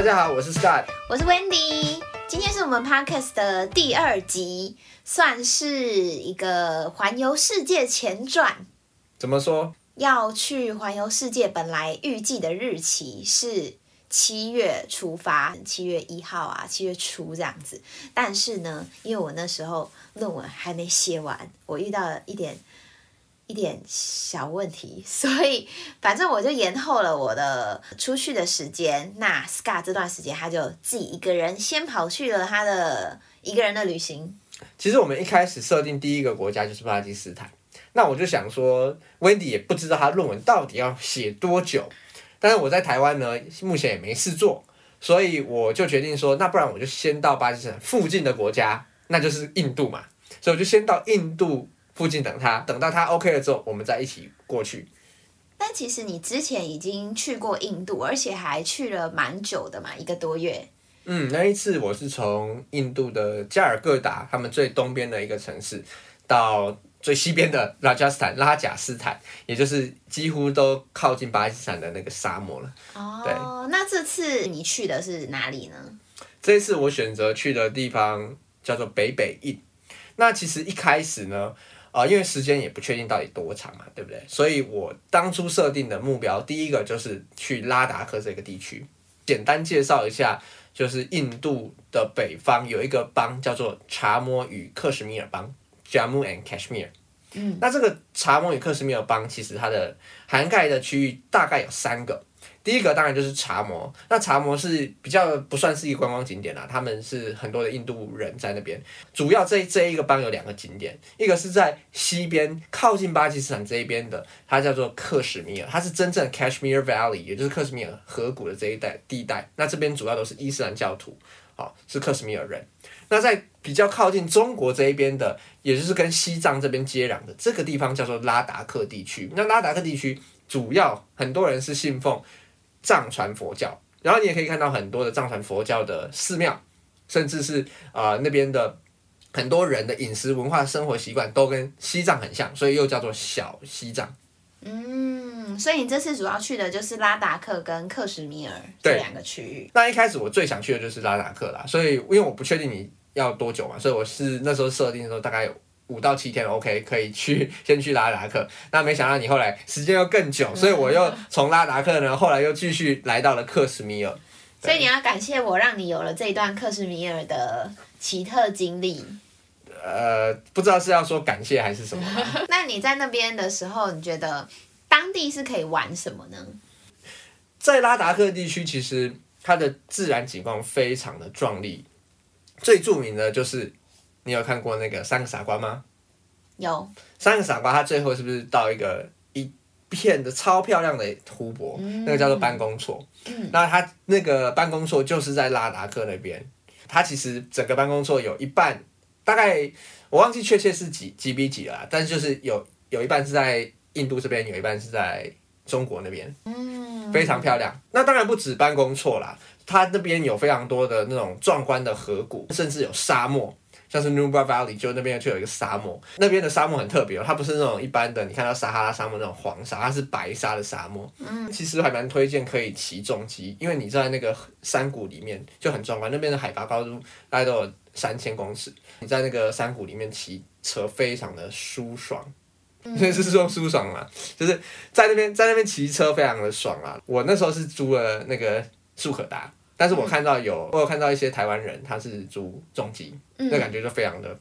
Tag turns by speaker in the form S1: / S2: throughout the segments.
S1: 大家好，我是 Scott，
S2: 我是 Wendy，今天是我們 Podcast 的第二集，算是一個環遊世界前傳。
S1: 怎麼說？
S2: 要去環遊世界，本來預計的日期是七月出發，七月一號啊，七月初這樣子。但是呢，因為我那時候論文還沒寫完，我遇到了一點，一點小問題，所以反正我就延後了我的出去的時間。那 Scott 這段時間他就自己一個人先跑去了他的一個人的旅行。
S1: 其實我們一開始設定第一個國家就是巴基斯坦。那我就想說，Wendy 也不知道他論文到底要寫多久，但是我在台灣呢，目前也沒事做，所以我就決定說，那不然我就先到巴基斯坦附近的國家，那就是印度嘛。所以我就先到印度，附近等他，等到他 OK 了之後，我們再一起過去。
S2: 但其實你之前已經去過印度，而且還去了蠻久的嘛，一個多月。
S1: 嗯，那一次我是從印度的加爾各答，他們最東邊的一個城市，到最西邊的拉加斯坦，拉賈斯坦，也就是幾乎都靠近巴基斯坦的那個沙漠了。
S2: 哦，對，那這次你去的是哪裡呢？
S1: 這一次我選擇去的地方叫做北北印。那其實一開始呢，啊，因為時間也不確定到底多長嘛，對不對？所以我當初設定的目標，第一個就是去拉達克這個地區。簡單介紹一下，就是印度的北方有一個邦叫做查謨與克什米爾邦 （Jammu and Kashmir）。嗯，那這個查謨與克什米爾邦其實它的涵蓋的區域大概有三個。第一個當然就是查謨，那查謨是比較不算是一個觀光景點啦，他們是很多的印度人在那邊。主要這這一個邦有兩個景點，一個是在西邊靠近巴基斯坦這一邊的，它叫做克什米爾，它是真正的 Cashmere Valley，也就是克什米爾河谷的這一帶地帶。那這邊主要都是伊斯蘭教徒，好、哦、是克什米爾人。那在比較靠近中國這一邊的，也就是跟西藏這邊接壤的這個地方叫做拉達克地區。那拉達克地區主要很多人是信奉。藏傳佛教，然後你也可以看到很多的藏傳佛教的寺廟，甚至是啊、呃、那邊的很多人的飲食文化、生活習慣都跟西藏很像，所以又叫做小西藏。嗯，
S2: 所以你這次主要去的就是拉達克跟克什米
S1: 爾這兩個區域。那一開始我最想去的就是拉達克啦，所以因為我不確定你要多久嘛，所以我是那時候設定的時候大概有。五到七天，OK，可以去先去拉達克。那沒想到你後來時間又更久，所以我又從拉達克呢，後來又繼續來到了克什米爾。
S2: 所以你要感謝我，讓你有了這一段克什米爾的奇特經歷。呃，
S1: 不知道是要說感謝還是什麼。
S2: 那你在那邊的時候，你覺得當地是可以玩什麼呢？
S1: 在拉達克地區，其實它的自然景觀非常的壯麗，最著名的就是。你有看過那個三個傻瓜嗎？
S2: 有
S1: 三個傻瓜，他最後是不是到一個一片的超漂亮的湖泊？嗯，那個叫做班公錯，嗯。那他那個班公錯就是在拉達克那邊。它其實整個班公錯有一半，大概我忘記確切是幾幾比幾了，但是就是有有一半是在印度這邊，有一半是在中國那邊。嗯，非常漂亮。那當然不止班公錯啦，它那邊有非常多的那種壯觀的河谷，甚至有沙漠。像是 Nubra Valley，就那邊卻有一個沙漠，那邊的沙漠很特別哦，它不是那種一般的，你看到撒哈拉沙漠那種黃沙，它是白沙的沙漠。嗯，其實還蠻推薦可以騎重機，因為你在那個山谷裡面就很壯觀，那邊的海拔高度大概都有三千公尺，你在那個山谷裡面騎車非常的舒爽，
S2: 嗯就是
S1: 說舒爽嘛，就是在那邊在那邊騎車非常的爽啊。我那時候是租了那個速可達。但是我看到有、嗯，我有看到一些台灣人，他是租重機、嗯，那感覺就非常的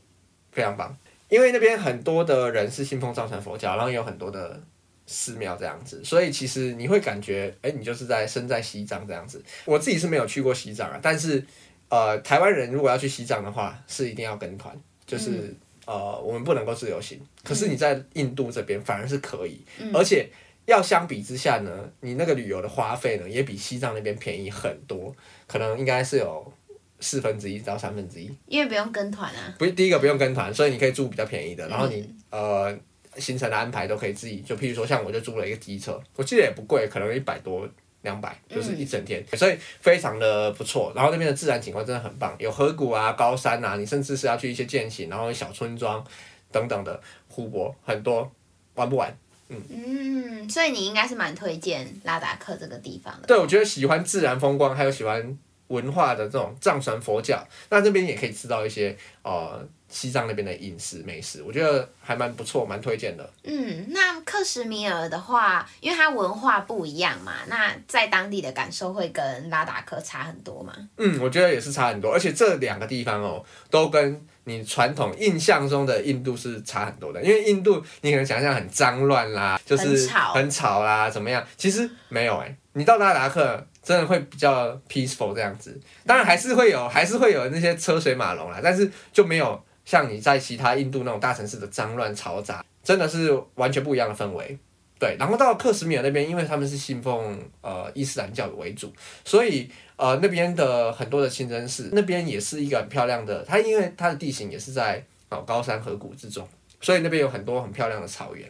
S1: 非常棒。因為那邊很多的人是信奉藏傳佛教，然後有很多的寺廟這樣子，所以其實你會感覺，哎、欸，你就是在身在西藏這樣子。我自己是沒有去過西藏啊，但是呃，台灣人如果要去西藏的話，是一定要跟團，就是、嗯、呃，我們不能夠自由行。可是你在印度這邊反而是可以，嗯、而且。要相比之下呢，你那個旅遊的花費呢，也比西藏那邊便宜很多，可能應該是有四分之一到三分之一。
S2: 因為不用跟團啊。
S1: 不，第一個不用跟團，所以你可以住比較便宜的，然後你、嗯、呃，行程的安排都可以自己。就譬如說，像我就租了一個機車，我記得也不貴，可能一百多兩百，200, 就是一整天、嗯，所以非常的不錯。然後那邊的自然景觀真的很棒，有河谷啊、高山啊，你甚至是要去一些健行，然後小村莊等等的湖泊，很多玩不完。
S2: 嗯，嗯，所以你應該是蠻推薦拉達克這個地方
S1: 的？對，我覺得喜歡自然風光，還有喜歡文化的這種藏傳佛教，那這邊也可以吃到一些呃西藏那邊的飲食美食，我覺得還蠻不錯，蠻推薦的。
S2: 嗯，那克什米爾的話，因為它文化不一樣嘛，那在當地的感受會跟拉達克差很多嗎？
S1: 嗯，我覺得也是差很多，而且這兩個地方哦，都跟。你傳統印象中的印度是差很多的，因為印度你可能想象，很髒亂啦，就是很吵啦，怎麼樣？其實沒有誒、欸，你到拉達克真的會比較 peaceful 這樣子，當然還是會有，還是會有那些車水馬龍啦，但是就沒有像你在其他印度那種大城市的髒亂嘈雜，真的是完全不一樣的氛圍。對，然後到克什米爾那邊，因為他們是信奉呃伊斯蘭教的為主，所以。呃，那邊的很多的清真寺，那邊也是一個很漂亮的。它因為它的地形也是在哦高山河谷之中，所以那邊有很多很漂亮的草原。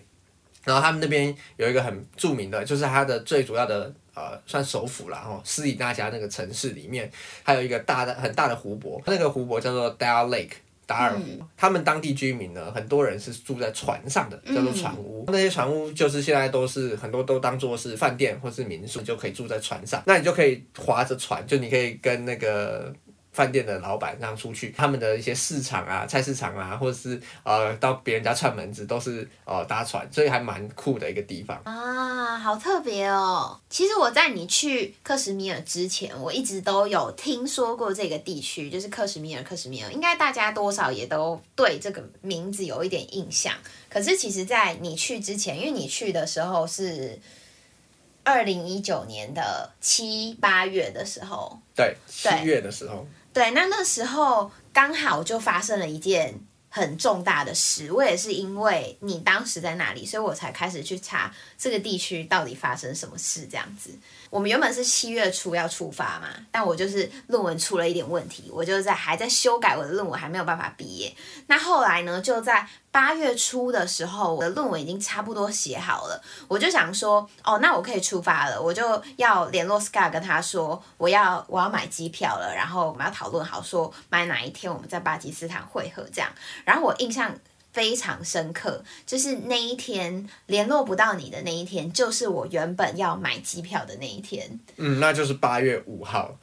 S1: 然後他們那邊有一個很著名的，就是它的最主要的呃算首府啦，哦，斯里那加那個城市裡面，還有一個大的很大的湖泊，那個湖泊叫做 Dal Lake。達爾湖，他們當地居民呢，很多人是住在船上的，叫做船屋。嗯、那些船屋就是現在都是很多都當做是飯店或是民宿，就可以住在船上。那你就可以划着船，就你可以跟那個。飯店的老板讓出去，他們的一些市場啊、菜市場啊，或者是呃到別人家串門子，都是呃搭船，所以還蠻酷的一個地方
S2: 啊，好特別哦。其實我在你去喀什米爾之前，我一直都有聽說過這個地區，就是喀什米爾，喀什米爾應該大家多少也都對這個名字有一點印象。可是其實，在你去之前，因為你去的時候是二零一九年的七八月的時候，
S1: 對七月的時候。
S2: 對，那那時候剛好就發生了一件很重大的事，我也是因為你當時在那裡，所以我才開始去查這個地區到底發生什麼事這樣子。我們原本是七月初要出發嘛，但我就是論文出了一點問題，我就在還在修改我的論文，還沒有辦法畢業。那後來呢，就在八月初的時候，我的論文已經差不多寫好了，我就想說，哦，那我可以出發了，我就要聯絡 Scott 跟他說，我要我要買機票了，然後我們要討論好說買哪一天我們在巴基斯坦會合這樣。然後我印象。非常深刻，就是那一天聯絡不到你的那一天，就是我原本要買機票的那一天。
S1: 嗯，那就是八月五號。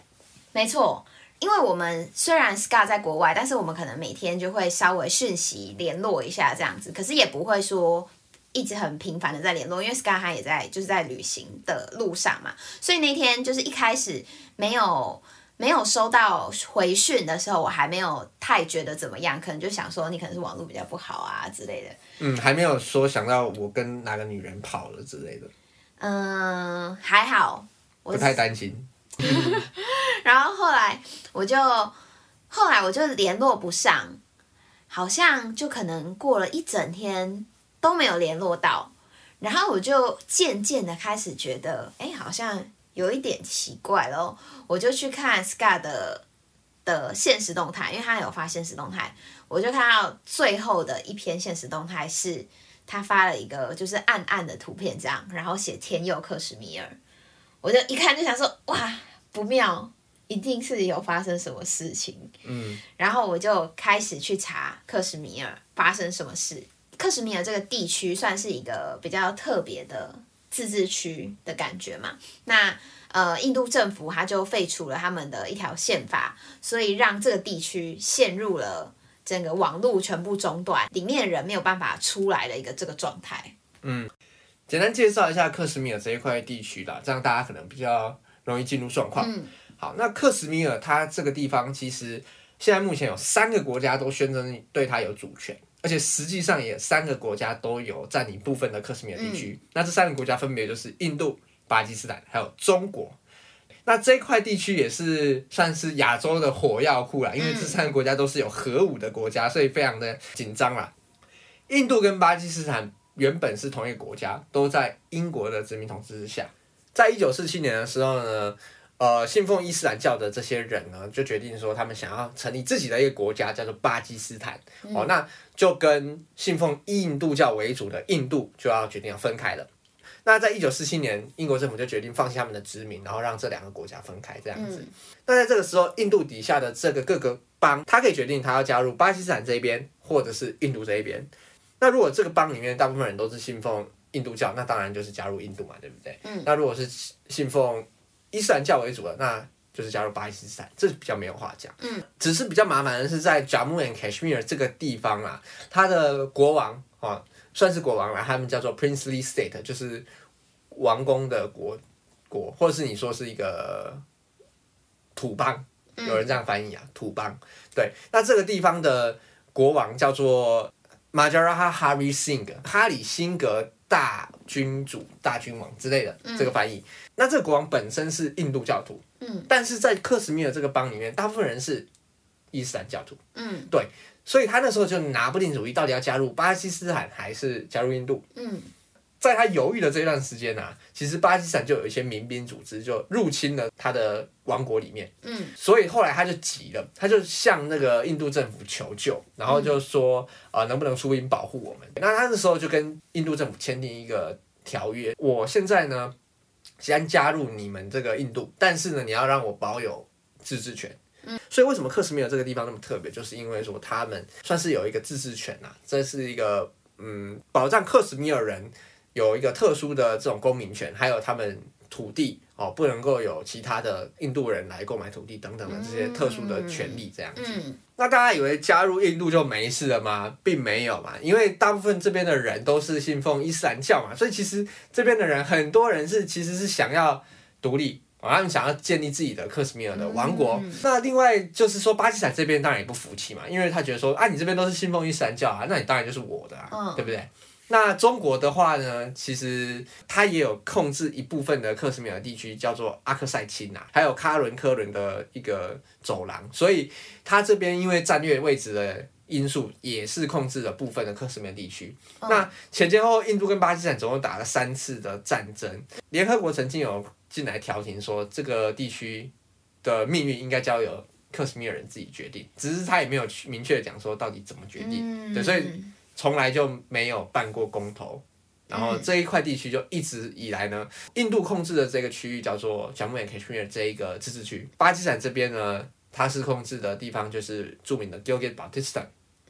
S2: 沒錯，因為我們雖然 Scott 在國外，但是我們可能每天就會稍微訊息聯絡一下這樣子，可是也不會說一直很頻繁的在聯絡，因為 Scott 他也在就是在旅行的路上嘛，所以那天就是一開始沒有。沒有收到回訊的時候，我還沒有太覺得怎麼樣，可能就想說你可能是網絡比較不好啊之類的。
S1: 嗯，還沒有說想到我跟哪個女人跑了之類的。嗯，
S2: 還好，我不太
S1: 擔心。
S2: 然後後來我就，後來我就聯絡不上，好像就可能過了一整天都沒有聯絡到，然後我就漸漸的開始覺得，哎、欸，好像。有一點奇怪嘍，我就去看 Scott 的的限時動態，因為他有發限時動態，我就看到最後的一篇限時動態是他發了一個就是暗暗的圖片，這樣，然後寫天佑克什米爾，我就一看就想說哇，不妙，一定是有發生什麼事情，嗯，然後我就開始去查克什米爾發生什麼事，克什米爾這個地區算是一個比較特別的自治區的感覺嘛，那。呃，印度政府它就廢除了他們的一條憲法，所以讓這個地區陷入了整個網路全部中斷，裡面的人沒有辦法出來的一個這個狀態。
S1: 嗯，簡單介紹一下克什米爾這一塊地區啦，這樣大家可能比較容易進入狀況。嗯，好，那克什米爾它這個地方其實現在目前有三個國家都宣稱對它有主權，而且實際上也三個國家都有佔領部分的克什米爾地區。嗯，那這三個國家分別就是印度。巴基斯坦還有中國，那這塊地區也是算是亞洲的火藥庫啦，因為這三個國家都是有核武的國家，所以非常的緊張啦。印度跟巴基斯坦原本是同一個國家，都在英國的殖民統治之下。在一九四七年的時候呢，呃，信奉伊斯蘭教的這些人呢，就決定說他們想要成立自己的一個國家，叫做巴基斯坦。哦，那就跟信奉印度教為主的印度就要決定要分開了。那在一九四七年，英國政府就決定放棄他們的殖民，然後讓這兩個國家分開這樣子。嗯。那在這個時候，印度底下的這個各個邦，他可以決定他要加入巴基斯坦這一邊，或者是印度這一邊。那如果這個邦裡面大部分人都是信奉印度教，那當然就是加入印度嘛，對不對？嗯。那如果是信奉伊斯蘭教為主的，那就是加入巴基斯坦，這比較沒有話講。嗯。只是比較麻煩的是在賈木 and Kashmir 這個地方啊，他的國王啊。算是國王了，他們叫做 Princely State，就是王公的國國，或者是你說是一個土邦，嗯，有人這樣翻譯啊，土邦。對，那這個地方的國王叫做 Maharaja Hari Singh，哈里辛格大君主，大君王之類的、嗯、這個翻譯。那這個國王本身是印度教徒，嗯，但是在克什米爾這個邦裡面，大部分人是伊斯蘭教徒，嗯，對，所以他那時候就拿不定主意，到底要加入巴基斯坦還是加入印度，嗯，在他猶豫的這段時間啊，其實巴基斯坦就有一些民兵組織就入侵了他的王國裡面，嗯，所以後來他就急了，他就向那個印度政府求救，然後就說啊、嗯呃，能不能出兵保護我們？那他那時候就跟印度政府簽訂一個條約，我現在呢，先加入你們這個印度，但是呢，你要讓我保有自治權。所以為什麼克什米爾這個地方那麼特別，就是因為說他們算是有一個自治權吶、啊，這是一個嗯，保障克什米爾人有一個特殊的這種公民權，還有他們土地哦，不能夠有其他的印度人來購買土地等等的這些特殊的權利這樣子、嗯嗯嗯。那大家以為加入印度就沒事了嗎？並沒有嘛，因為大部分這邊的人都是信奉伊斯蘭教嘛，所以其實這邊的人很多人是其實是想要獨立。他們想要建立自己的克什米爾的王國。嗯、那另外就是說，巴基斯坦這邊當然也不服氣嘛，因為他覺得說，啊，你這邊都是信奉伊斯蘭教啊，那你當然就是我的啊、哦，對不對？那中國的話呢，其實它也有控制一部分的克什米爾地區，叫做阿克賽欽啊，還有卡倫科倫的一個走廊。所以它這邊因為戰略位置的因素，也是控制了部分的克什米爾地區。哦、那前前後後，印度跟巴基斯坦總共打了三次的戰爭。聯合國曾經有。進來調停說，這個地區的命運應該交由克什米爾人自己決定，只是他也沒有去明確講說到底怎麼決定。對，所以從來就沒有辦過公投，然後這一塊地區就一直以來呢，印度控制的這個區域叫做查謨克什米爾這一個自治區。巴基斯坦這邊呢，他是控制的地方就是著名的 Gilgit-Baltistan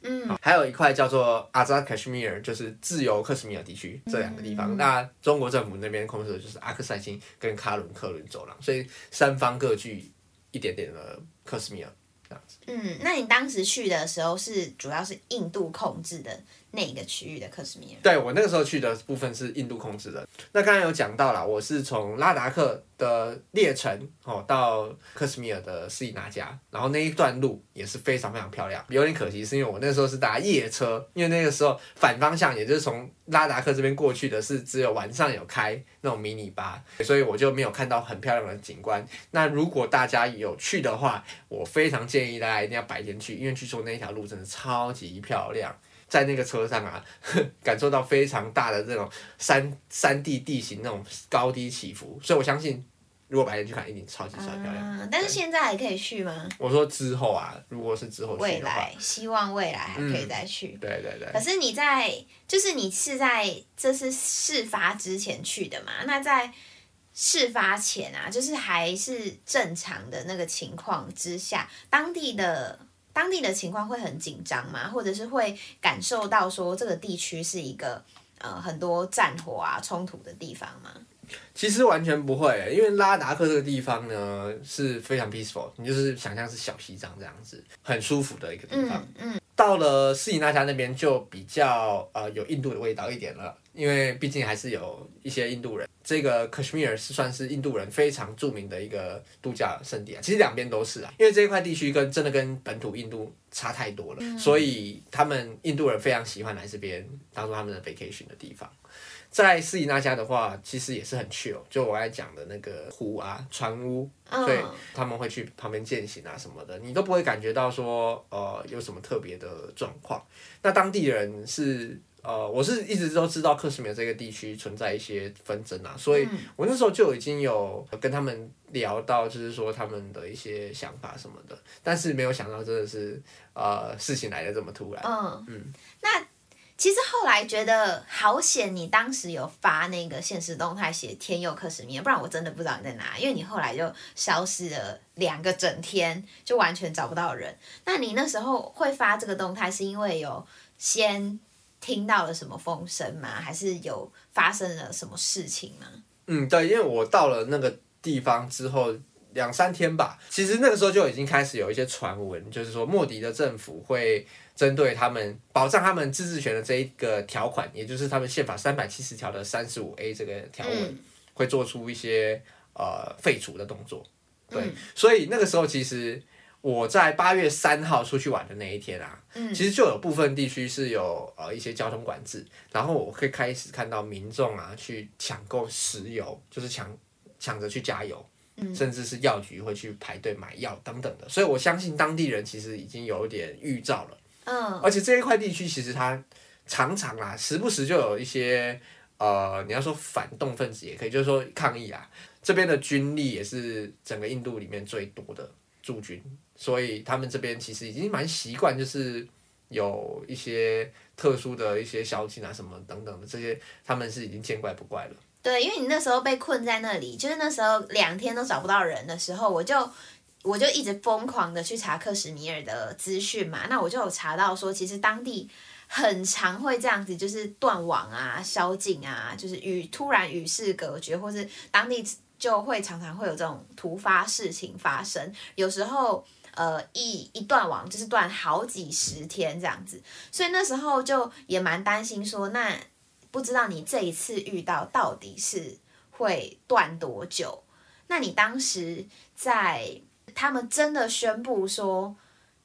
S1: 嗯，還有一塊叫做阿扎克什米爾，就是自由克什米爾地區，這兩個地方、嗯。那中國政府那邊控制的就是阿克賽欽跟喀喇崑崙走廊，所以三方各據一點點的克什米爾這樣子。嗯，
S2: 那你當時去的時候是主要是印度控制的？那一個區域的克什米爾，
S1: 對，我那個時候去的部分是印度控制的。那剛剛有講到了，我是從拉達克的列城哦到克什米爾的斯里那加，然後那一段路也是非常非常漂亮。有點可惜是因為我那時候是搭夜車，因為那個時候反方向也就是從拉達克這邊過去的是只有晚上有開那種迷你巴，所以我就沒有看到很漂亮的景觀。那如果大家有去的話，我非常建議大家一定要白天去，因為據說那條路真的超級漂亮。在那個車上啊，感受到非常大的這種山山地地形那種高低起伏，所以我相信，如果白天去看一定超級超
S2: 漂亮，嗯。但是現在還可以去嗎？
S1: 我說之後啊，如果是之後的未來，
S2: 希望未來還可以再去。嗯、
S1: 對，對對對。可是
S2: 你在，就是你是在這次事發之前去的嘛？那在事發前啊，就是還是正常的那個情況之下，當地的。當地的情況會很緊張嗎？或者是會感受到說這個地區是一個呃很多戰火啊衝突的地方嗎？
S1: 其實完全不會，因為拉達克這個地方呢是非常 peaceful，你就是想象是小西藏這樣子，很舒服的一個地方。嗯，嗯，到了斯里那加那邊就比較呃有印度的味道一點了。因為畢竟還是有一些印度人，這個 Kashmir 是算是印度人非常著名的一個度假勝地啊。其實兩邊都是啊，因為這一塊地區跟真的跟本土印度差太多了，所以他們印度人非常喜歡來這邊當做他們的 vacation 的地方。在斯里那加的話，其實也是很 chill，就我愛講的那個湖啊、船屋，所以他們會去旁邊踐行啊什麼的，你都不會感覺到說呃有什麼特別的狀況。那當地人是。呃，我是一直都知道克什米爾這個地區存在一些紛爭啊，所以我那時候就已經有跟他們聊到，就是說他們的一些想法什麼的，但是沒有想到真的是呃事情來得這麼突然。嗯
S2: 嗯，那其實後來覺得好險，你當時有發那個限時動態寫天佑克什米爾，不然我真的不知道你在哪，因為你後來就消失了兩個整天，就完全找不到人。那你那時候會發這個動態，是因為有先。聽到了什麼風聲嗎？還是有發生了什麼事情嗎？
S1: 嗯，對，因為我到了那個地方之後，兩三天吧，其實那個時候就已經開始有一些傳聞，就是說莫迪的政府會針對他們保障他們自治權的這一個條款，也就是他們憲法三百七十條的三十五 A 這個條文，嗯，會做出一些呃廢除的動作。對，嗯，所以那個時候其實。我在八月三號出去玩的那一天啊，嗯、其實就有部分地區是有呃一些交通管制，然後我可以開始看到民眾啊去搶購石油，就是搶搶着去加油，
S2: 嗯、甚至
S1: 是藥局會去排隊買藥等等的。所以我相信當地人其實已經有一點預兆了，嗯、哦，而且這一塊地區其實它常常啊，時不時就有一些呃你要說反動分子也可以，就是說抗議啊，這邊的軍力也是整個印度裡面最多的駐軍。所以他們這邊其實已經蠻習慣，就是有一些特殊的一些消息啊、什麼等等的這些，他們是已經見怪不怪了。
S2: 對，因為你那時候被困在那裡，就是那時候兩天都找不到人的時候，我就我就一直瘋狂的去查克什米爾的資訊嘛。那我就有查到說，其實當地很常會這樣子，就是斷網啊、宵禁啊，就是與突然與世隔絕，或是當地就會常常會有這種突發事情發生，有時候。呃，一一斷網就是斷好幾十天這樣子，所以那時候就也蠻擔心說，那不知道你這一次遇到到底是會斷多久？那你當時在他們真的宣布說，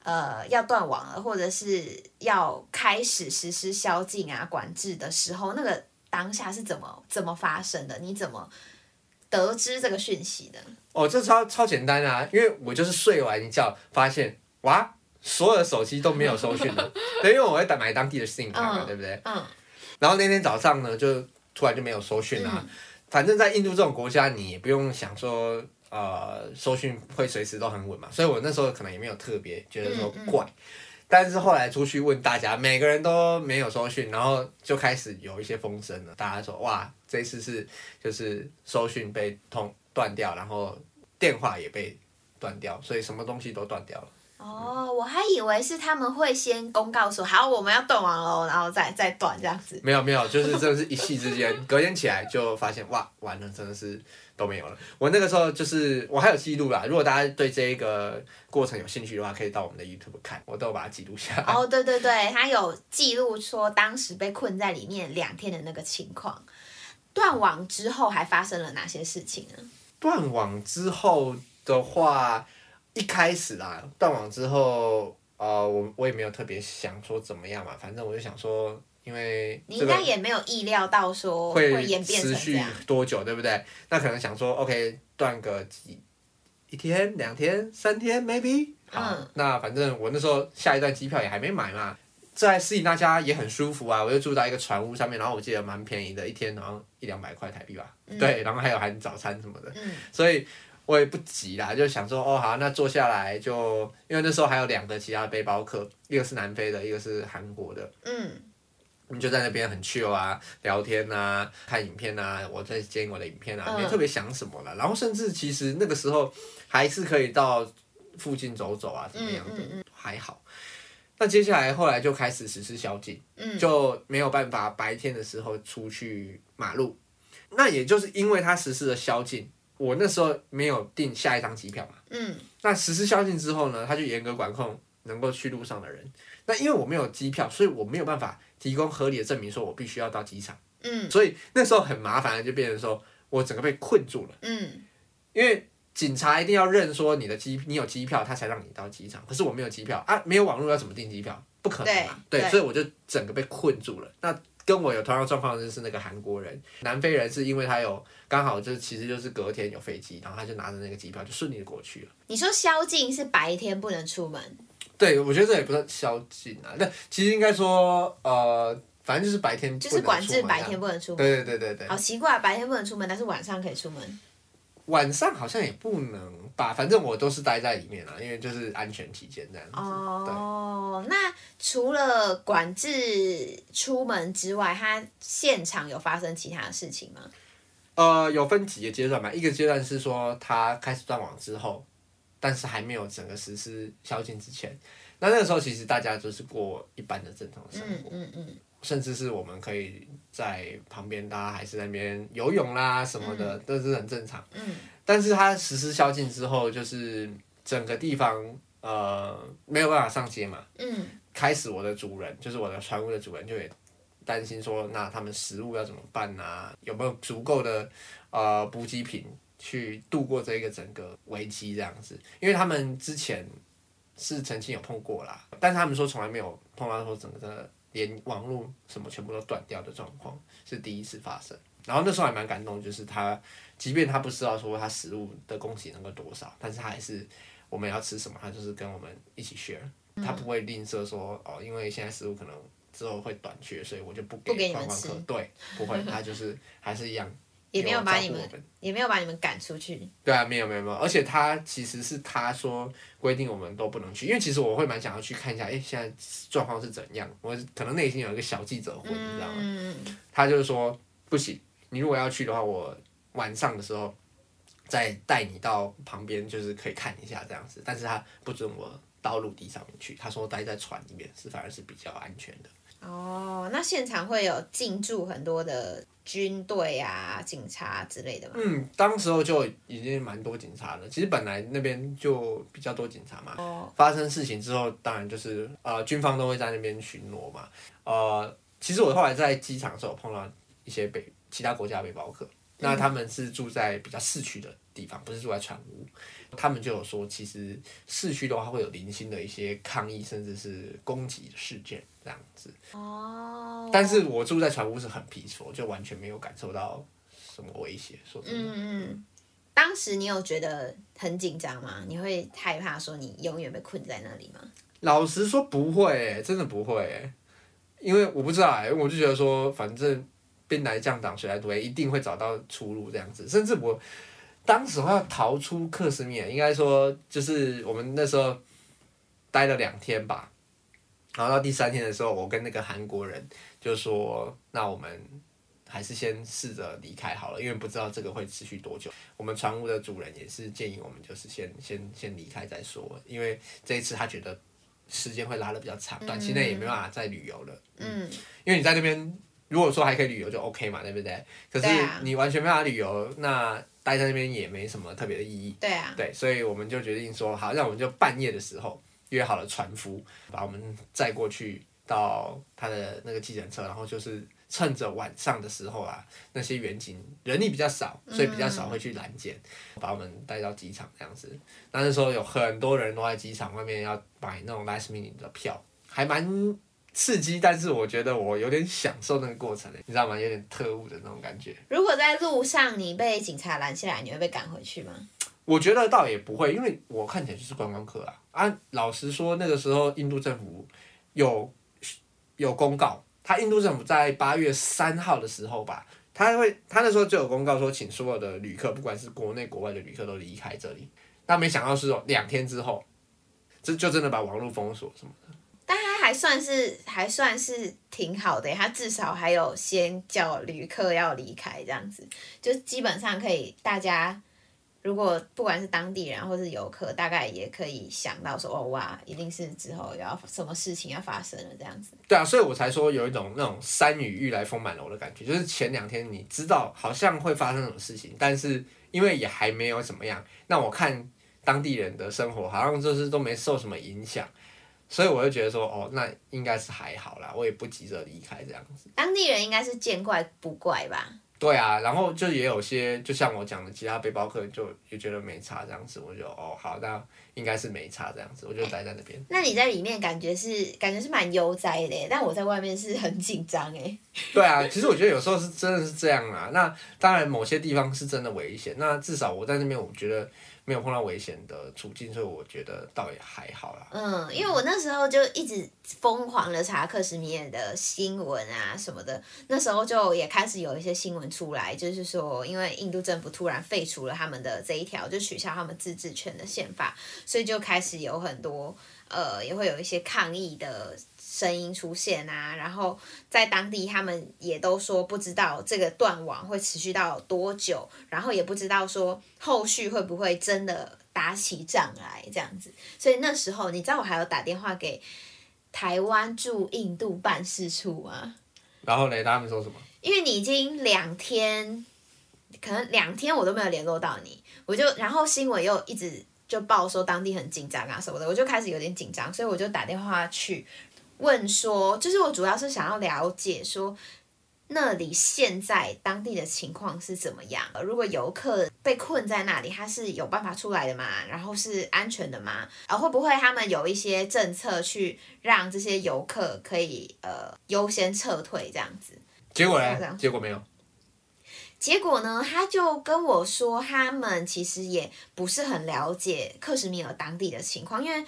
S2: 呃，要斷網了，或者是要開始實施宵禁啊、管製的時候，那個當下是怎麼怎麼發生的？你怎麼？得知
S1: 這個訊息的哦，這超超簡單啊，因為我就是睡完一覺，發現哇，所有的手機都沒有收訊了，對， 因為我在買當地的 SIM 卡嘛、哦，對不對？嗯、哦。然後那天早上呢，就突然就沒有收訊啦、啊嗯。反正，在印度這種國家，你也不用想說呃收訊會隨時都很穩嘛，所以我那時候可能也沒有特別覺得說怪嗯嗯。但是後來出去問大家，每個人都沒有收訊，然後就開始有一些風聲了，大家說哇。這一次是就是收訊被通斷掉，然後電話也被斷掉，所以什麼東西都斷掉了。
S2: 哦，嗯、我還以為是他們會先公告說好我們要斷網了、哦、然後再再斷這樣子。
S1: 沒有沒有，就是真的是一夕之間， 隔天起來就發現哇，完了真的是都沒有了。我那個時候就是我還有記錄啦，如果大家對這一個過程有興趣的話，可以到我們的 YouTube 看，我都把它記錄下
S2: 來。哦，對對對，他有記錄說當時被困在裡面兩天的那個情況。斷網之後還發生了哪些事情
S1: 呢？斷網之後的話，一開始啦，斷網之後，呃，我我也沒有特別想說怎麼樣嘛，反正我就想說，因為你應該也沒
S2: 有意料到說會演變成這樣，會
S1: 持續多久，對不對？那可能想說，OK，斷個幾一天、兩天、三天，maybe 好。好，嗯，那反正我那時候下一段機票也還沒買嘛。在斯利那加也很舒服啊，我就住在一個船屋上面，然後我記得蠻便宜的，一天好像一兩百塊台幣吧，嗯，對，然後還有含早餐什麼的，嗯，所以我也不急啦，就想說哦好、啊，那坐下來就，因為那時候還有兩個其他背包客，一個是南非的，一個是韓國的，嗯，我們就在那邊很 chill 啊，聊天啊，看影片啊，我在剪我的影片啊，嗯，沒特別想什麼了，然後甚至其實那個時候還是可以到附近走走啊，怎麼樣的，嗯嗯嗯，還好。那接下來後來就開始實施宵禁，嗯，就沒有辦法白天的時候出去馬路。那也就是因為他實施了宵禁，我那時候沒有訂下一張機票嘛，嗯，那實施宵禁之後呢，他就嚴格管控能夠去路上的人。那因為我沒有機票，所以我沒有辦法提供合理的證明，說我必須要到機場，嗯，所以那時候很麻煩，就變成說我整個被困住
S2: 了，
S1: 嗯，因為。警察一定要認說你的機你有機票，他才讓你到機場。可是我沒有機票啊，沒有網絡要怎麼訂機票？不可能，啊，對，對，所以我就整個被困住了。那跟我有同樣狀況的就是那個韓國人、南非人，是因為他有剛好就是其實就是隔天有飛機，然後他就拿着那個機票就順利過去了。
S2: 你說宵禁是白天不能出門？
S1: 對，我覺得這也不算宵禁啊。那其實應該說呃，反正就是白天不能出門，啊，就是管制白天不能出門，啊。對，對對對對對，好奇
S2: 怪，白天不能出門，但是晚上可以出門。
S1: 晚上好像也不能吧，反正我都是待在裡面啦，因為就是安全起見這樣子。哦
S2: ，oh，那除了管制出門之外，他現場有發生其他的事情嗎？
S1: 呃，有分幾個階段嘛，一個階段是說他開始斷網之後，但是還沒有整個實施宵禁之前，那那個時候其實大家就是過一般的正常生活，嗯嗯，嗯，甚至是我們可以。在旁邊，大家還是在那邊游泳啦什麼的，嗯、都是很正常。嗯、但是它實施宵禁之後，就是整個地方呃沒有辦法上街嘛。嗯。開始，我的主人就是我的船屋的主人，就會擔心說，那他們食物要怎麼辦啊？有沒有足夠的呃補給品去度過這個整個危機這樣子？因為他們之前是曾經有碰過啦，但是他們說從來沒有碰到說整個的。連網絡什麼全部都斷掉的狀況是第一次發生，然後那時候還蠻感動，就是他，即便他不知道說他食物的供給能夠多少，但是他還是我們要吃什麼，他就是跟我們一起 share，、嗯、他不會吝嗇說哦，因為現在食物可能之後會短缺，所以我就不給觀光客，不給你們吃，對，不會，他就是還是一樣。 也
S2: 沒有把你們,有
S1: 照顧我們，也沒有把你們趕出去。對啊，沒有沒有沒有，而且他其實是他說規定我們都不能去，因為其實我會蠻想要去看一下，哎、欸，現在狀況是怎樣？我可能內心有一個小記者魂、嗯，你知道嗎？他就是說不行，你如果要去的話，我晚上的時候再帶你到旁邊，就是可以看一下這樣子。但是他不准我到陸地上面去，他說待在船裡面是反而是比較安全的。
S2: 哦、oh，那現場會有進駐很多的軍隊啊、警察之類的嗎？嗯，
S1: 當時候就已經蠻多警察了。其實本來那邊就比較多警察嘛。哦、oh。發生事情之後，當然就是呃，軍方都會在那邊巡邏嘛。呃，其實我後來在機場的時候碰到一些北其他國家的背包客，那他們是住在比較市區的。地方不是住在船屋，他們就有說，其實市區的話會有零星的一些抗議，甚至是攻擊事件這樣子。哦。
S2: 但是
S1: 我住在船屋是很 peaceful，我就完全沒有感受到什麼威脅。說真的。嗯
S2: 嗯。當時你有覺得很緊張嗎？你會害怕說你永遠被困在那裡嗎？
S1: 老實說不會、欸，真的不會、欸。因為我不知道、欸，哎，我就覺得說，反正兵來將擋，水來土掩，一定會找到出路這樣子。甚至我。當時我要逃出克什米爾，應該說就是我們那時候待了兩天吧，然後到第三天的時候，我跟那個韓國人就說：“那我們還是先試着離開好了，因為不知道這個會持續多久。”我們船屋的主人也是建議我們，就是先先先離開再說，因為這一次他覺得時間會拉得比較長，短期內也沒辦法再旅遊
S2: 了。
S1: 嗯，因為你在那邊。如果說還可以旅遊就 OK 嘛，對不對？可是你完全沒法旅遊，啊，那待在那邊也沒什麼特別的意義。對啊。對，所以我們就決定說，好，那我們就半夜的時候約好了船夫，把我們載過去到他的那個計程車，然後就是趁着晚上的時候啊，那些員警人力比較少，所以比較少會去攔截，嗯嗯，把我們帶到機場這樣子。但是說有很多人都在機場外面要買那種 last minute 的票，還蠻，刺激，但是我覺得我有點享受那個過程，你知道嗎？有點特務的那種感覺。如
S2: 果在路上你被警察攔下來，你會被趕回去嗎？
S1: 我覺得倒也不會，因為我看起來就是觀光客啊。啊，老實說，那個時候印度政府有有公告，他印度政府在八月三號的時候吧，他會他那時候就有公告說，請所有的旅客，不管是國內國外的旅客都離開這裡。但沒想到是說兩天之後，這就真的把網絡封鎖什麼的。
S2: 但他還算是還算是挺好的，他至少還有先叫旅客要離開這樣子，就基本上可以大家如果不管是當地人或是遊客，大概也可以想到說哦哇，一定是之後要什麼事情要發生了這樣子。
S1: 對啊，所以我才說有一種那種“山雨欲來風滿樓”的感覺，就是前兩天你知道好像會發生什麼事情，但是因為也還沒有怎麼樣，那我看當地人的生活好像就是都沒受什麼影響。所以我就覺得說，哦，那應該是還好啦，我也不急着離開這樣子。當
S2: 地人應該是見怪不怪吧？
S1: 對啊，然後就也有些，就像我講的，其他背包客就也覺得沒差這樣子，我就，哦，好，那應該是沒差這樣子，我就待在那邊。欸，
S2: 那你在裡面感覺是感覺是蠻悠哉的，但我在外面是很緊張誒。
S1: 對啊，其實我覺得有時候是真的是這樣啊。那當然，某些地方是真的危險，那至少我在那邊，我覺得。沒有碰到危險的處境，所以我覺得倒也還好啦。
S2: 嗯，因為我那時候就一直瘋狂的查克什米爾的新聞啊什麼的，那時候就也開始有一些新聞出來，就是說，因為印度政府突然廢除了他們的這一條，就取消他們自治權的憲法，所以就開始有很多呃，也會有一些抗議的。聲音出現啊，然後在當地他們也都說不知道這個斷網會持續到多久，然後也不知道說後續會不會真的打起仗來這樣子。所以那時候你知道我還有打電話給台灣駐印度辦事處嗎？然
S1: 後呢，他們說什麼？
S2: 因為你已經兩天，可能兩天我都沒有聯絡到你，我就然後新聞又一直就報說當地很緊張啊什麼的，我就開始有點緊張，所以我就打電話去。問說，就是我主要是想要了解說，那裡現在當地的情況是怎麼樣？如果遊客被困在那裡，他是有辦法出來的嗎？然後是安全的嗎？啊，會不會他們有一些政策去讓這些遊客可以呃優先撤退這樣子？
S1: 結果呢？結果沒有。
S2: 結果呢？他就跟我說，他們其實也不是很了解喀什米爾當地的情況，因為。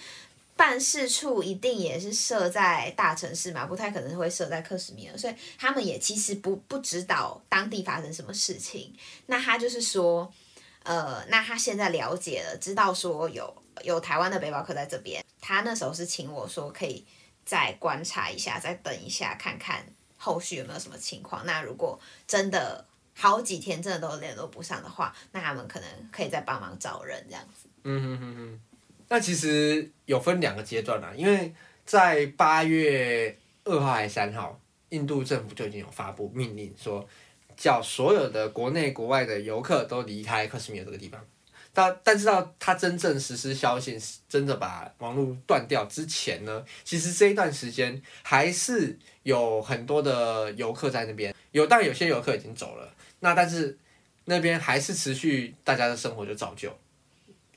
S2: 辦事處一定也是設在大城市嘛，不太可能會設在克什米爾，所以他們也其實不不知道當地發生什麼事情，那他就是說，呃，那他現在了解了，知道說有有台灣的背包客在這邊。他那時候是請我說可以再觀察一下，再等一下看看後續有沒有什麼情況。那如果真的好幾天真的都聯絡不上的話，那他們可能可以再幫忙找人這樣子。嗯嗯嗯
S1: 嗯。那其實有分兩個階段啊，因為在八月二號還是三號，印度政府就已經有發布命令說，說叫所有的國內國外的遊客都離開克什米爾這個地方。到但是到他真正實施消息，真的把網絡斷掉之前呢，其實這一段時間還是有很多的遊客在那邊。有，但有些遊客已經走了。那但是那邊還是持續，大家的生活就照舊，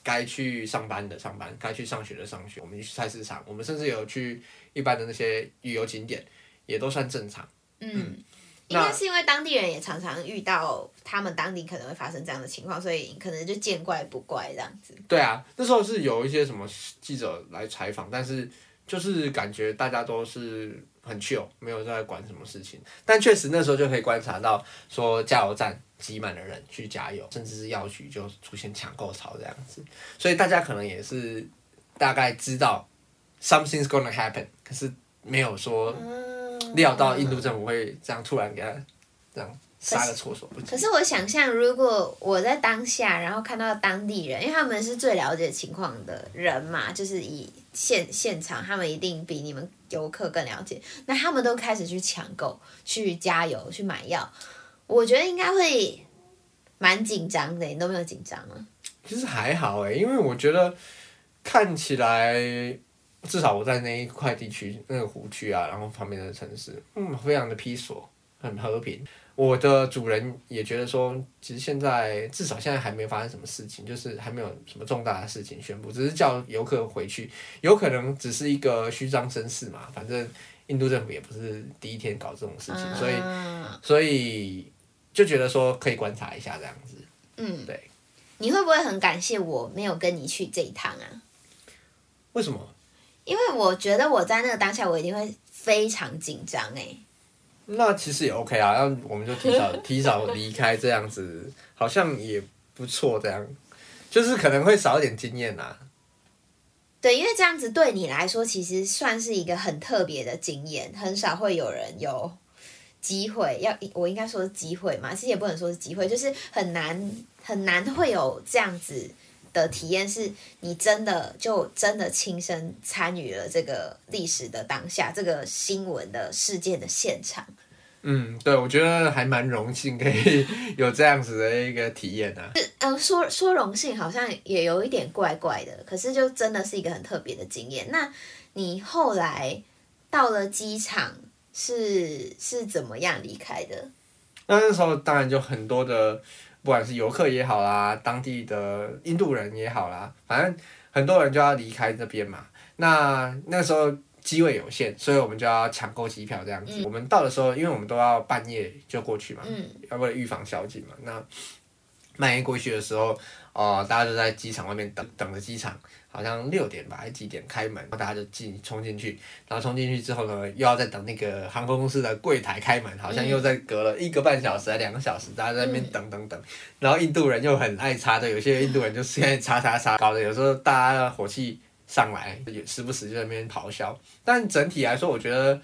S1: 該去上班的上班，該去上學的上學。我們去菜市場，我們甚至有去一般的那些旅遊景點，也都算正常。
S2: 嗯，應該是因為當地人也常常遇到他們當地可能會發生這樣的情況，所以可能就見怪不怪這樣子。
S1: 對啊，那時候是有一些什麼記者來採訪，但是就是感覺大家都是很 chill，沒有在管什麼事情。但確實那時候就可以觀察到說加油站。擠滿的人去加油，甚至是藥局就出現搶購潮這樣子，所以大家可能也是大概知道 something's gonna happen，可是沒有說料到印度政府會這樣突然給他這樣殺個措手不及。嗯、可是，
S2: 可是我想象，如果我在當下，然後看到當地人，因為他們是最了解情況的人嘛，就是以現現場，他們一定比你們遊客更了解。那他們都開始去搶購、去加油、去買藥。我覺得應該會蠻緊張的，你都沒有緊張
S1: 啊？其實還好、欸、因為我覺得看起來至少我在那一塊地區，那個湖區啊，然後旁邊的城市，嗯，非常的 peaceful，很和平。我的主人也覺得說，其實現在至少現在還沒有發生什麼事情，就是還沒有什麼重大的事情宣布，只是叫遊客回去，有可能只是一個虛張聲勢嘛。反正印度政府也不是第一天搞這種事情，所以、啊、所以。所以就覺得說可以觀察一下這樣子，
S2: 嗯，對，你會不會很感謝我沒有跟你去這一趟啊？為什麼？因為我覺得我在那個當下，我一定會非常緊張誒，
S1: 那其實也 OK 啊，那我們就提早提早離開，這樣子 好像也不錯，這樣就是可能會少一點經驗啊。
S2: 對，因為這樣子對你來說，其實算是一個很特別的經驗，很少會有人有。.機會，要我應該說是機會嘛，其實也不能說是機會，就是很難很難會有這樣子的體驗，是你真的就真的親身參與了這個歷史的當下，這個新聞的事件的現場。
S1: 嗯，對，我覺得還蠻榮幸可以有這樣子的一個體驗的、啊。嗯、
S2: 呃，說說榮幸好像也有一點怪怪的，可是就真的是一個很特別的經驗。那你後來到了機場？是是怎麼樣
S1: 離開的？那那時候當然就很多的，不管是遊客也好啦，當地的印度人也好啦，反正很多人就要離開這邊嘛。那那時候機位有限，所以我們就要搶購機票這樣子、嗯。我們到的時候，因為我們都要半夜就過去嘛，嗯、要為了預防宵禁嘛。那半夜過去的時候，哦、呃，大家都在機場外面等等着機場。好像六點吧，還是幾點開門？然後大家就進衝進去，然後衝進去之後呢，又要再等那個航空公司的櫃檯開門，好像又再隔了一個半小時還兩個小時，大家在那邊等等等。然後印度人又很愛插隊，有些印度人就現在插插插，搞得有時候大家的火氣上來，也時不時就在那邊咆哮。但整體來說，我覺得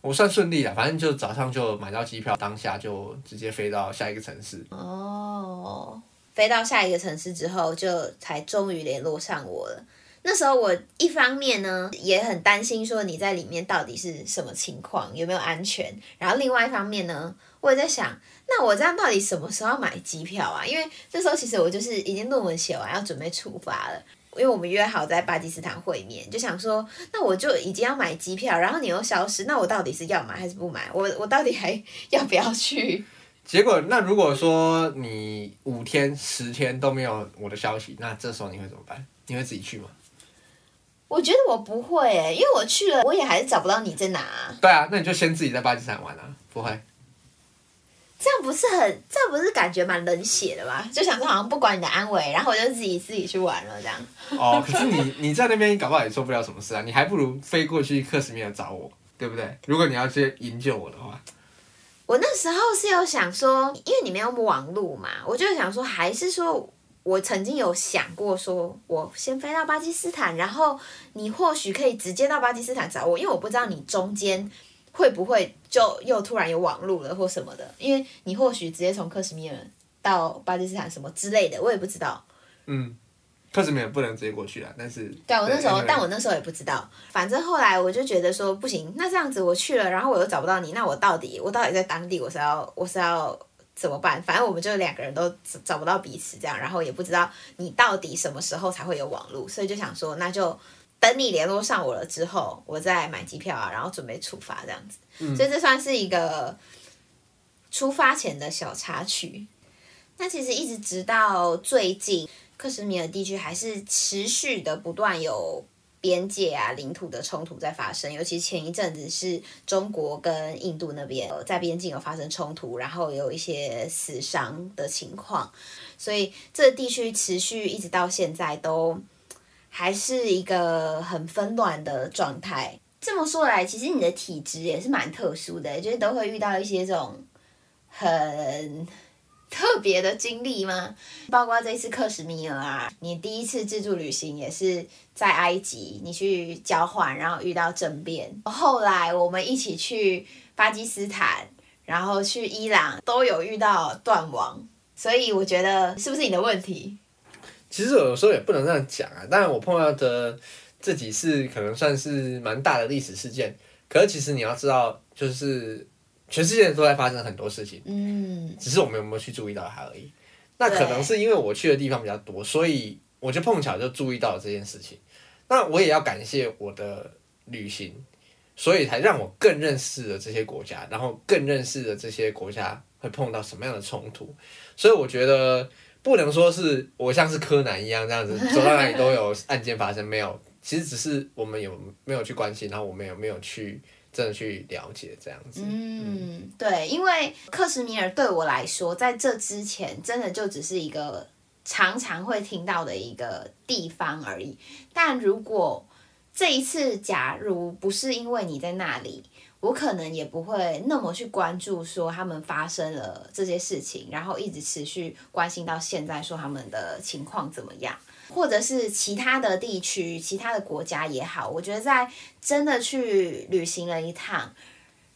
S1: 我算順利的，反正就早上就買到機票，當下就直接飛到下一個城市。哦、
S2: oh.。飛到下一個城市之後，就才終於聯絡上我了。那時候我一方面呢，也很擔心說你在裡面到底是什麼情況，有沒有安全。然後另外一方面呢，我也在想，那我這樣到底什麼時候買機票啊？因為這時候其實我就是已經論文寫完，要準備出發了。因為我們約好在巴基斯坦會面，就想說，那我就已經要買機票，然後你又消失，那我到底是要買還是不買？我我到底還要不要去？
S1: 結果，那如果說你五天、十天都沒有我的消息，那這時候你會怎麼辦？你會自己去嗎？
S2: 我覺得我不會誒，因為我去了，我也還是找不到你在哪
S1: 啊。對啊，那你就先自己在巴基斯坦玩啊，不會？
S2: 這樣不是很，這樣不是感覺蠻冷血的嗎？就想說好像不管你的安危，然後我就自己自己去玩了這
S1: 樣。哦，可是你 你在那邊搞不好也做不了什麼事啊，你還不如飛過去克什米爾找我，對不對？如果你要去營救我的話。
S2: 我那時候是有想說，因為你沒有網路嘛，我就想說，還是說我曾經有想過，說我先飛到巴基斯坦，然後你或許可以直接到巴基斯坦找我，因為我不知道你中間會不會就又突然有網路了或什麼的，因為你或許直接從克什米爾到巴基斯坦什麼之類的，我也不知道。嗯。
S1: 可是沒有不能直接過去啊，但是對，對我那時候，但我那
S2: 時候也不知道。反正後來我就覺得說不行，那這樣子我去了，然後我又找不到你，那我到底我到底在當地我是要我是要怎麼辦？反正我們就兩個人都找不到彼此這樣，然後也不知道你到底什麼時候才會有網絡，所以就想說那就等你聯絡上我了之後，我再買機票啊，然後準備出發這樣子，嗯。所以這算是一個出發前的小插曲。那其實一直直到最近，克什米爾地區還是持續的不斷有邊界啊、領土的衝突在發生，尤其前一陣子是中國跟印度那邊在邊境有發生衝突，然後有一些死傷的情況，所以這地區持續一直到現在都還是一個很紛亂的狀態。這麼說來，其實你的體質也是蠻特殊的，就是都會遇到一些這種很特別的經歷嗎？包括這一次克什米爾啊，你第一次自助旅行也是在埃及，你去交換，然後遇到政變。後來我們一起去巴基斯坦，然後去伊朗，都有遇到斷網。所以我覺得是不是你的問題？
S1: 其實我有時候也不能這樣講啊。但我碰到的這幾次可能算是蠻大的歷史事件。可是，其實你要知道，就是。全世界都在發生很多事情，嗯，只是我們有沒有去注意到它而已。
S2: 那可能
S1: 是因為我去的地方比較多，所以我就碰巧就注意到了這件事情。那我也要感謝我的旅行，所以才讓我更認識了這些國家，然後更認識了這些國家會碰到什麼樣的衝突。所以我覺得不能說是我像是柯南一樣這樣子走到哪裡都有案件發生， 沒有。其實只是我們有沒有去關心，然後我們有沒有去。真的去了解這樣子，嗯，
S2: 嗯對，因為克什米爾對我來說，在這之前真的就只是一個常常會聽到的一個地方而已。但如果這一次，假如不是因為你在那裡，我可能也不會那麼去關注說他們發生了這些事情，然後一直持續關心到現在，說他們的情況怎麼樣。或者是其他的地區、其他的國家也好，我覺得在真的去旅行了一趟，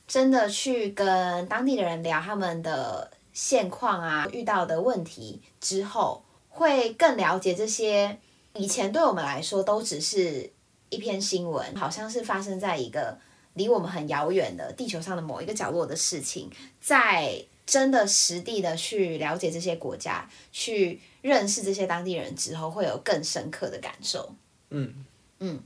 S2: 真的去跟當地的人聊他們的現況啊、遇到的問題之後，會更了解，這些以前對我們來說都只是一篇新聞，好像是發生在一個離我們很遙遠的地球上的某一個角落的事情，在真的實地的去了解這些國家，去認識這些當地人之後，會有更深刻的感受。嗯嗯，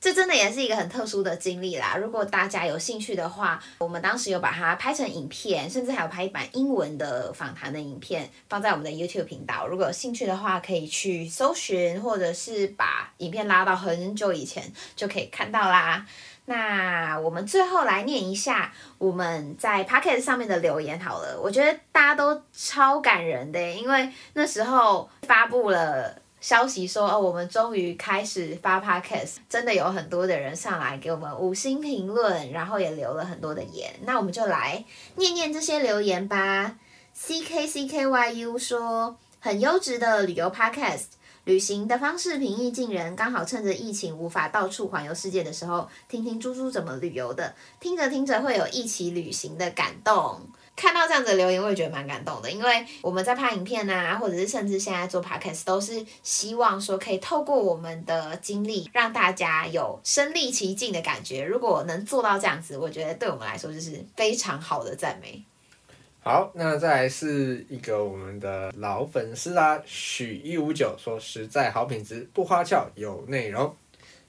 S2: 這真的也是一個很特殊的經歷啦。如果大家有興趣的話，我們當時有把它拍成影片，甚至還有拍一版英文的訪談的影片，放在我們的 YouTube 頻道。如果有興趣的話，可以去搜尋，或者是把影片拉到很久以前就可以看到啦。那我們最後來念一下我們在 Podcast 上面的留言好了，我覺得大家都超感人的，因為那時候發佈了消息說哦，我們終於開始發 Podcast，真的有很多的人上來給我們五星評論，然後也留了很多的言。那我們就來念念這些留言吧。CKCKYU 說，很優質的旅遊 Podcast。旅行的方式平易近人，剛好趁着疫情無法到處環遊世界的時候，聽聽豬豬怎麼旅遊的。聽着聽着，會有一起旅行的感動。看到這樣子的留言，我也覺得蠻感動的，因為我們在拍影片啊，或者是甚至現在做 podcast，都是希望說可以透過我們的經歷，讓大家有身歷其境的感覺。如果能做到這樣子，我覺得對我們來說就是非常好的讚美。
S1: 好，那再來是一個我們的老粉絲啦、啊，許一五九說實在，好品質不花俏，有內容。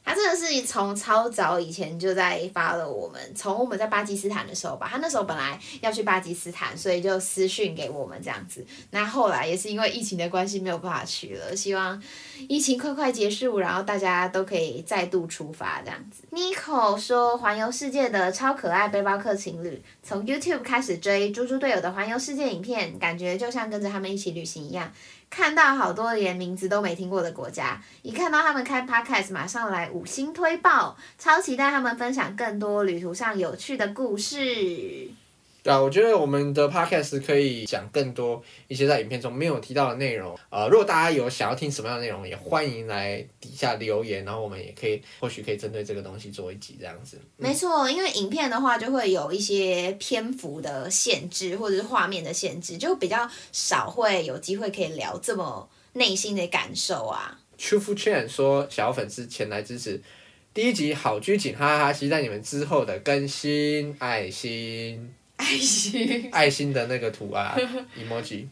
S2: 他真的是從超早以前就在 follow 我們，從我們在巴基斯坦的時候吧，他那時候本來要去巴基斯坦，所以就私訊給我們這樣子。那後來也是因為疫情的關係，沒有辦法去了，希望。疫情快快結束，然後大家都可以再度出發，這樣子。Nicole 說，環遊世界的超可愛背包客情侶，從 YouTube 開始追豬豬隊友的《環遊世界》影片，感覺就像跟着他們一起旅行一樣。看到好多連名字都沒聽過的國家，一看到他們開 Podcast，馬上來五星推爆，超期待他們分享更多旅途上有趣的故事。
S1: 對啊，我覺得我們的 podcast 可以講更多一些在影片中沒有提到的內容。呃，如果大家有想要聽什麼樣的內容，也歡迎來底下留言，然後我們也可以或許可以針對這個東西做一集這樣子，嗯。沒
S2: 錯，因為影片的話就會有一些篇幅的限制或者是畫面的限制，就比較少會有機會可以聊這麼內心的感受啊。
S1: t r u c h 說，小粉絲前來支持，第一集好拘謹，哈哈哈！期待你們之後的更新，愛心。愛心，愛心的那個圖案、啊、 emoji。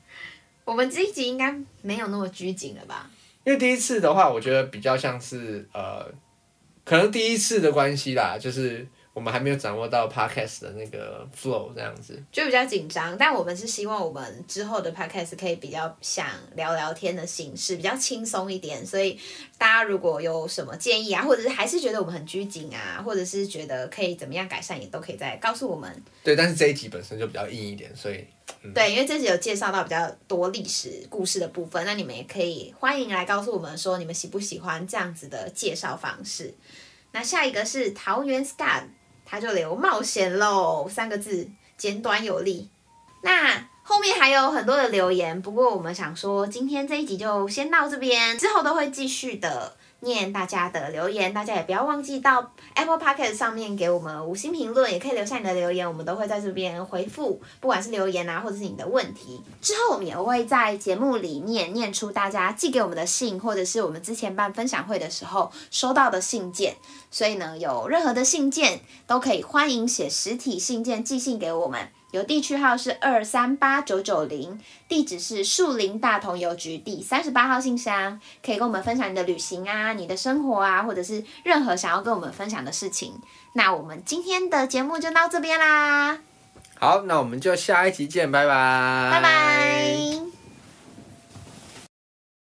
S2: 我們這一集應該沒有那麼拘謹了吧？
S1: 因為第一次的話，我覺得比較像是呃，可能第一次的關係啦，就是。我們還沒有掌握到 podcast 的那個 flow
S2: 這樣子，就比較緊張，但我們是希望我們之後的 podcast 可以比較想聊聊天的形式，比較輕鬆一點。所以大家如果有什麼建議啊，或者是還是覺得我們很拘謹啊，或者是覺得可以怎麼樣改善，也都可以再告訴我們。
S1: 對，但是這一集本身就比較硬一點，所以、嗯、對，
S2: 因為這集有介紹到比較多歷史故事的部分，那你們也可以歡迎來告訴我們說你們喜不喜歡這樣子的介紹方式。那下一個是桃園 Scott 他就留“冒險嘍”三個字，簡短有力。那後面還有很多的留言，不過我們想說，今天這一集就先到這邊，之後都會繼續的念大家的留言，大家也不要忘記到 Apple Podcast 上面給我們五星評論，也可以留下你的留言，我們都會在這邊回復。不管是留言啊，或者是你的問題，之後我們也會在節目裡面念出大家寄給我們的信，或者是我們之前辦分享會的時候收到的信件。所以呢，有任何的信件都可以歡迎寫實體信件寄信給我們。郵遞區號是二三八九九零，地址是樹林大同郵局第三十八號信箱，可以跟我們分享你的旅行啊、你的生活啊，或者是任何想要跟我們分享的事情。那我們今天的節目就到這邊啦，
S1: 好，那我們就下一集見，拜拜，拜拜。